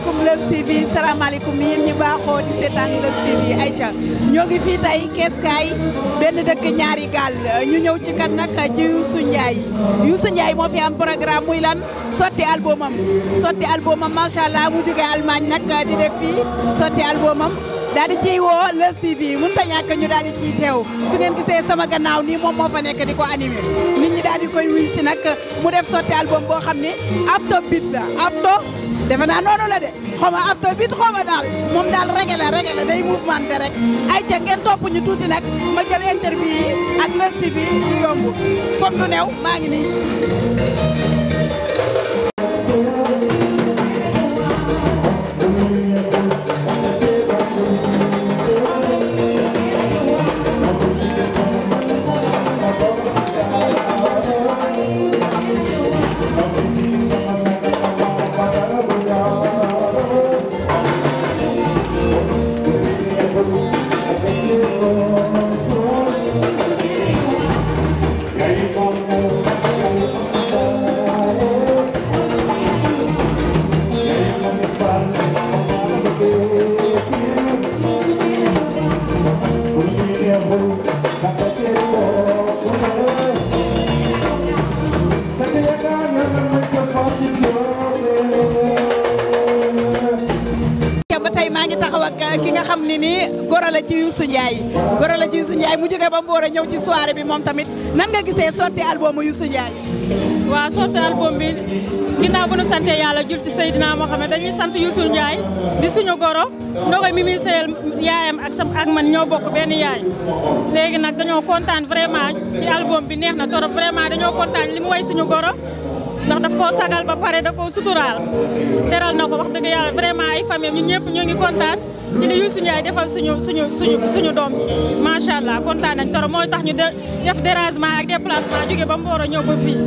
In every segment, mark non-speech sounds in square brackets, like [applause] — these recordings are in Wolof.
salaamaaleykum Leuz TV salaamaaleykum yéen ñi baaxoo di seetaan Leuz TV ayca ñoo ngi fii tey Keskaay benn dëkk ñaari gaal ñu ñëw ci kan nag ci Youssou Ndiaye Youssou Ndiaye moo fi am programme muy lan sotti albumam sotti albumam macha mu jógee Allemagne nag di def fii sotti albumam daal di ciy woo Leuz TV mënut a ñàkk ñu daal di ciy teew su ngeen gisee sama gannaaw nii moom moo fa nekk di ko animé. daal koy wuy si nag mu def sotti album boo xam ne afto beat la afto defe naa noonu de xaw ma afto beat daal moom daal reggae la reggae la day mouvementé rek ay ca ngeen tuuti nag ma jël ak Leuz TV bi du yomb kon du new maa ngi Youssou Ndiaye goro la ci Youssou Ndiaye mu jógee ba Mboro ñëw ci soirée bi moom tamit nan nga gisee sorti album Youssou Ndiaye waaw sorti album bi ginnaaw bu nu sante yàlla jul ci Seydina Mohamed dañuy sant Youssou Ndiaye di suñu goro ndogo mi yaayam ak sam ak man ñoo bokk benn yaay léegi nag dañoo kontaan vraiment ci album bi neex na torop vraiment dañoo kontaan li mu way suñu goro ndax daf koo sagal ba pare da koo suturaal teral na ko wax dëgg yàlla vraiment ay famille ñun ñëpp ci li Youssou Ndiaye defal suñu suñu suñu suñu doom yi macha allah kontaan nañ trop mooy tax ñu def dérangement ak déplacement jóge ba Mboro ñëw ba fii.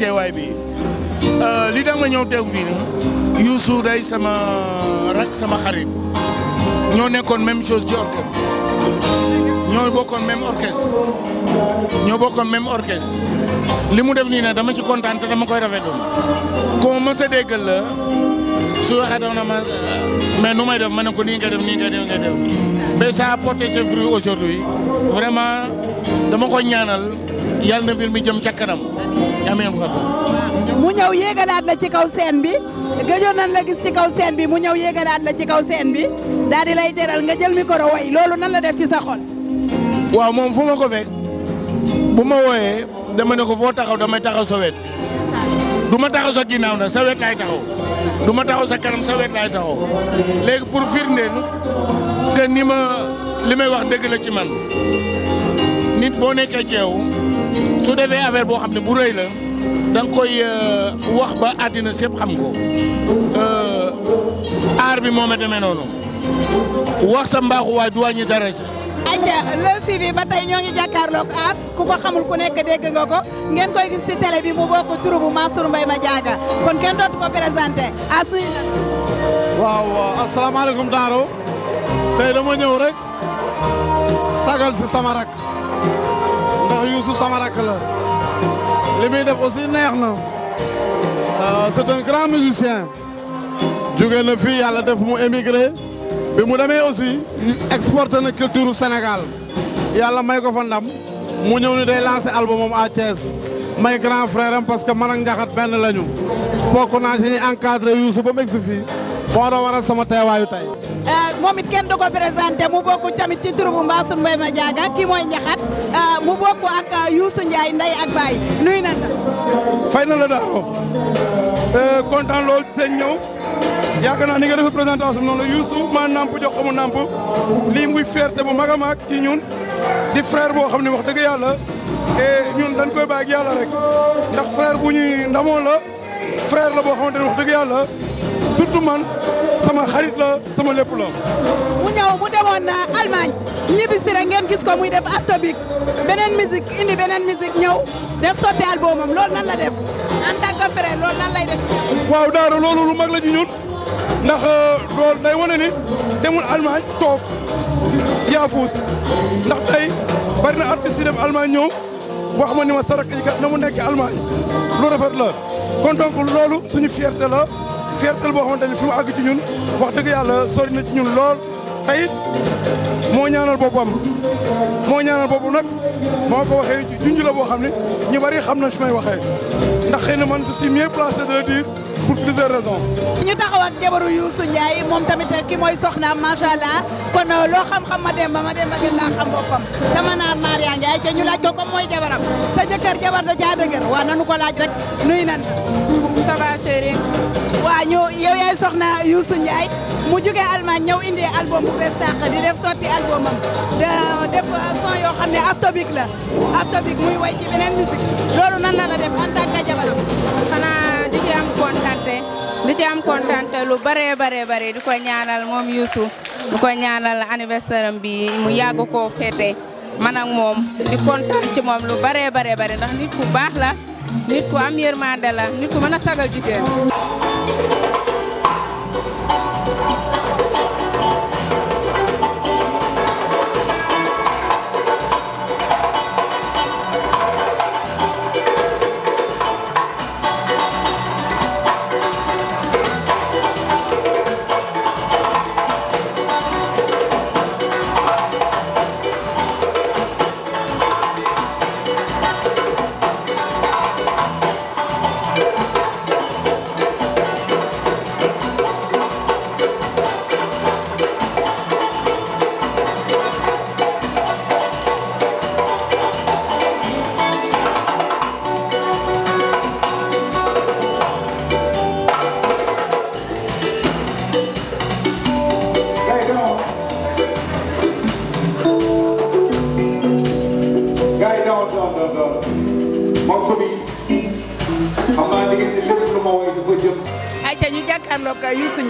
teewaay bi euh, lii tax ma ñëw teew fii nii Youssou day sama rak sama xarit ñoo nekkoon même chose ci orchestre ñoo bokkoon même orchestre ñoo bokkoon même orchestre li mu def nii nag dama ci kontaan te dama koy rafetlu ko ma sa déggal la su waxee ma mais nu may def ma ne ko nii nga def nii nga def nga def mais ça a porté dama koy ñaanal. yàlla na mbir mi jëm ca kanam amee ko mu ñëw yéegalaat la ci kaw seen bi gëjoon nan la gis ci kaw seen bi mu ñëw yéegalaat la ci kaw seen bi daal di lay teral nga jël micro way loolu nan la def ci sa xol. waaw moom fu ma ko fekk bu ma wooyee dama ne ko foo taxaw damay taxaw sa wet du ma taxaw sa ginnaaw nag sa wet laay taxaw du ma taxaw sa kanam sa wet laay taxaw léegi pour firndeel que ni ma li may wax dëgg la ci man nit boo nekkee ceew su defee affaire boo xam ne bu rëy la da nga euh, wax ba àddina sépp xam ko euh, aar bi moom a demee noonu wax sa mbaaxu waay du wàññi dara ci aca Leul TV ba tey ñoo ngi jàkkaarloog As ku ko xamul ku nekk dégg nga ko ngeen koy gis ci télé bi mu bokk turu bu Mansour Mbaye Madiaga kon kenn dootu ko présenté As nuyu na waaw asalaamaaleykum Daaro tey dama ñëw rek sagal si sama rak ndax Youssou sama rakk la li muy def aussi neex na euh, c'est un grand musicien jóge na fii yàlla def mu émigré bi mu demee aussi exporté na culture Sénégal yàlla may ko fa ndam mu ñëw ni day lancé albumam à Thiès may grand frère am parce que man ak Ndiakhate benn lañu bokk naa si ñuy encadré Youssou ba egsi fii moo doon waral sama teewaayu tey. Euh, moom it kenn du ko mu bokk tamit ci turu bu Mbassou ma Madiaga kii mooy Ndiakhate euh, mu bokk ak euh, Youssou Ndiaye ndey ak baay nuyu na fay na la daaro kontaan lool ci seen ñëw yaakaar naa ni nga def présentation noonu la Youssou maa namp jox mu namp lii muy fierté bu mag a mag ci ñun di frère boo xam ne wax dëgg yàlla et ñun dañ koy bàyyi ak yàlla rek ndax frère bu ñuy ndamoo la frère la boo xamante ne wax dëgg yàlla. surtout man sama xarit la sama lépp la. mu ñëw mu demoon na euh, Allemagne ngeen gis ko muy def afrobeat beneen musique indi beneen musique ñëw def sotti albumam loolu nan la def en tant que frère loolu nan lay def. waaw Daara loolu lu mag la ci ndax euh, loolu day wane ni demul Allemagne toog yaa ndax tey bari na artistes yi def Allemagne ñëw wax ma ni ma sarak yi kat na mu nekk Allemagne lu rafet la kon loolu suñu fierté la. fierté boo xamante ni fi mu àgg ci ñun wax dëgg yàlla sori na ci ñun lool tey moo ñaanal boppam moo ñaanal boppam nag moo ko waxee junj la boo xam ne ñu bari xam na fi may waxee ndax xëy na man je suis mieux placé de le dire pour plusieurs raisons. ñu taxaw ak jabaru Youssou Ndiaye moom tamit ki mooy soxnaam macha allah kon euh, loo xam-xam ma dem ma dem ba laa xam boppam dama naan Maria Ndiaye te ñu laaj ko comme mooy jabaram te jëkkër jabar da caa ko laaj rek nuyu ça va chérie. waa ñu yow yaay soxna mu jógee Allemagne ñëw indi album bu bees sàq di def sorti albumam def son yoo ne afrobeat la afrobeat muy way ci beneen loolu nan la la def en tant xanaa di ci kontante di ci kontante lu bëree bëree bëri di ko ñaanal moom Youssou di ko ñaanal anniversaire am bi mu yàgg koo féete man moom di kontaan moom lu bare bare bëri ndax nit ku baax la. nit ku am yërmande la nit ku mën a sagal jigéen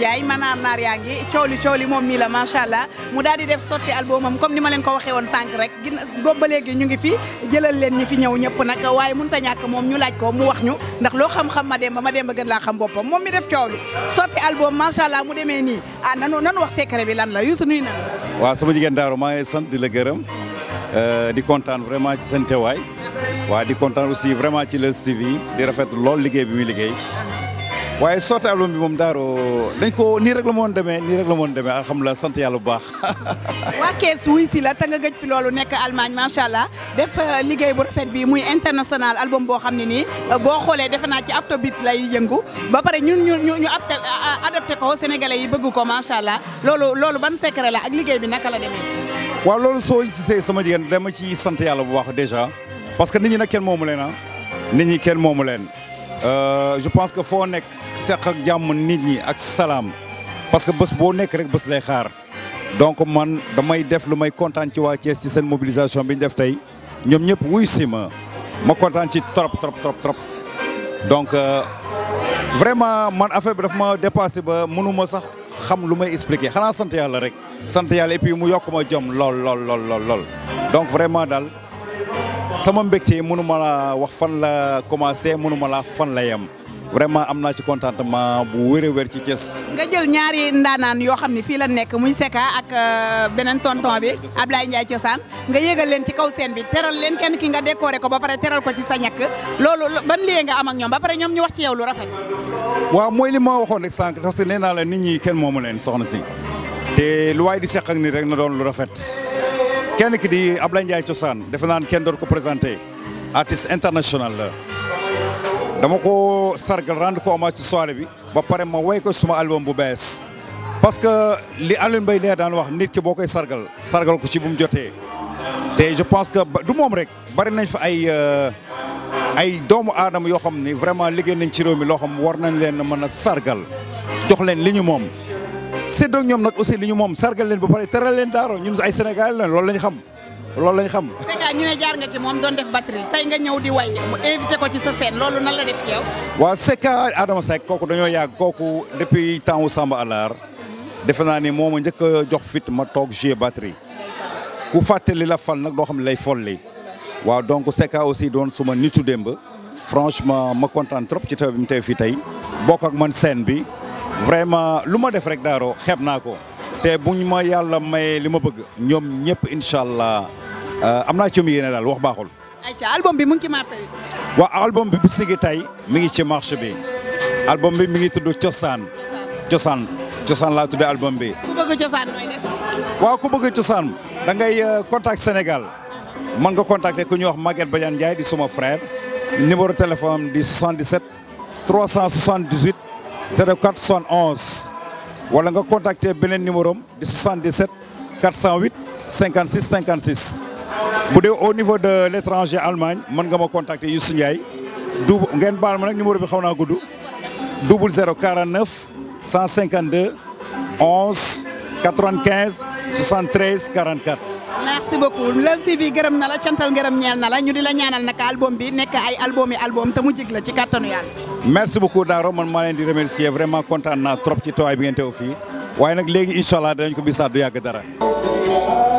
Ndiaye maanaar naar yaa ngi cooli cooli moom mii la macha allah mu daal di def sorti albumam comme ni ma leen ko waxee woon sànq rek gin ba léegi ñu ngi fi jëlal leen ñi fi ñëw ñëpp nag waaye mënut a ñàkk moom ñu laaj ko mu wax ñu ndax loo xam-xam ma demba ma demba gën laa xam boppam moom mi def cooli sorti album macha allah mu demee nii ah nanu wax secret bi lan la Youssou nuyu na waaw sama jigéen Daaru maa ngi sant di la gërëm euh, di kontaan vraiment ci seen teewaay waaw di kontaan aussi vraiment ci Leuz TV di rafet lool liggéey bi muy liggéey waaye sorti album bi moom Daro dañ ko nii rek la moon demee nii rek la moon demee alhamdulilah sant yàlla bu baax. [laughs] waa kees wuy si la te nga gëj fi loolu nekk Allemagne macha allah def euh, liggéey bu rafet bi muy international album boo xam ne nii euh, boo xoolee defe naa ci afrobeat lay yëngu ba pare ñun ñu ñu ñu euh, adapté ko sénégalais yi bëgg ko macha allah loolu loolu ban secret la ak liggéey bi naka la demee. waaw loolu soo gisee sama jigéen dama ci sant yàlla bu baax déjà parce que nit ñi nag kenn moomu leen ah nit ñi kenn moomu leen Euh, je pense que foo nekk seq ak jàmm nit ñi ak salaam parce que bës boo nekk rek bés lay xaar donc man damay def lu may kontaan ci waa Thiès ci seen mobilisation bi ñu def tey ñoom ñëpp wuy si ma ma kontaan ci trop trop trop trop donc euh, vraiment man affaire bi daf ma dépassé ba mënuma sax xam lu may expliquer xanaa sant yàlla rek sant yàlla et puis mu yokk ma lool lool lool lool lool donc vraiment daal. sama mbégte mënu ma la wax fan la commencé mënu ma la fan la yem vraiment am naa ci contentement bu wér a ci Thiès. nga jël ñaari ndaanaan yoo xam ne fii la nekk muy Secka ak euh, beneen tonton bi Ablaye Ndiaye Cosaan nga yëgal leen ci kaw seen bi teral leen kenn ki nga décoré ko ba pare teral ko ci sa ñàkk loolu ban lien nga am ak ñoom ba pare ñoom ñu wax ci yow lu rafet. waaw mooy li ma waxoon rek sànq parce que nee la nit ñi kenn moomu leen soxna si te lu waay di seq ak rek na doon lu rafet. kenn ki di Ablaye Ndiaye cosaan defe naan kenn doon ko présenté artiste international la dama ko sargal rendre ko ci soirée bi ba pare ma woy ko suma album bu bees parce que li Alioune Mbaye nee daan wax nit ki boo koy sargal sargal ko ci bu mu jotee te je pense que du moom rek bari nañ fa ay euh, ay doomu aadama yoo xam ni vraiment liggéey nañ ci réew mi loo xam war nañ leen mën a sargal jox leen li ñu moom séddoog ñoom nag aussi li ñu moom sargaleen leen ba pare teral leen daaro ñun ay Sénégal loolu lañ xam loolu lañ ñu ne jaar nga ci moom doon def batterie tey nga ñëw di way mu invité ko ci sa scène loolu nan la def ci yow waaw Adama Seck kooku dañoo yàgg kooku depuis temps wu Samba Alaar defe naa ni moom mooma njëkk a jox fit ma toog jouer batterie ku fàtte li la fal nag doo xam ne lay folli waa donc Seka aussi doon suma nitu démb franchement ma kontaan trop ci bi mu teew fii tey bokk ak man scène bi vraiment lu ma def rek Daro xeeb naa ko te buñ ma yàlla mayee li ma bëgg ñoom ñëpp incha allah euh, am naa ci mu yéene daal wax baaxul. ayca album bi mu ngi ci marché bi. waaw album bi bis gi tey mi ngi ci marché bi album bi mi ngi tudd Cosaan. Cosaan Cosaan laa tuddee album bi. ku bëgg Cosaan nooy ku bëgg Cosaan da ngay euh, contact Sénégal mën nga contacter ku ñu wax Maguette Badiane Ndiaye di suma frère numéro téléphone di 77 378. 0471 wala nga contacter beneen numéro am di 77 408 56 56. bu de au niveau de l' étranger Allemagne mën nga ma contacter Youssou Ndiaye double ngeen baal ma numéro bi xaw naa gudd double 0 49 152 11 95 73 44. merci beaucoup Leuz TV gërëm na la cantal ngërëm ñeel na ñu di la ñaanal nag album bi nekk ay album yi album te mu jig la ci kattanu yàlla. merci beaucoup Daro man maa leen di remercier vraiment kontaan naa trop ci tawaay bi ngeen teew fii waaye nag léegi incha allah danañ ko bisaat du yàgg dara.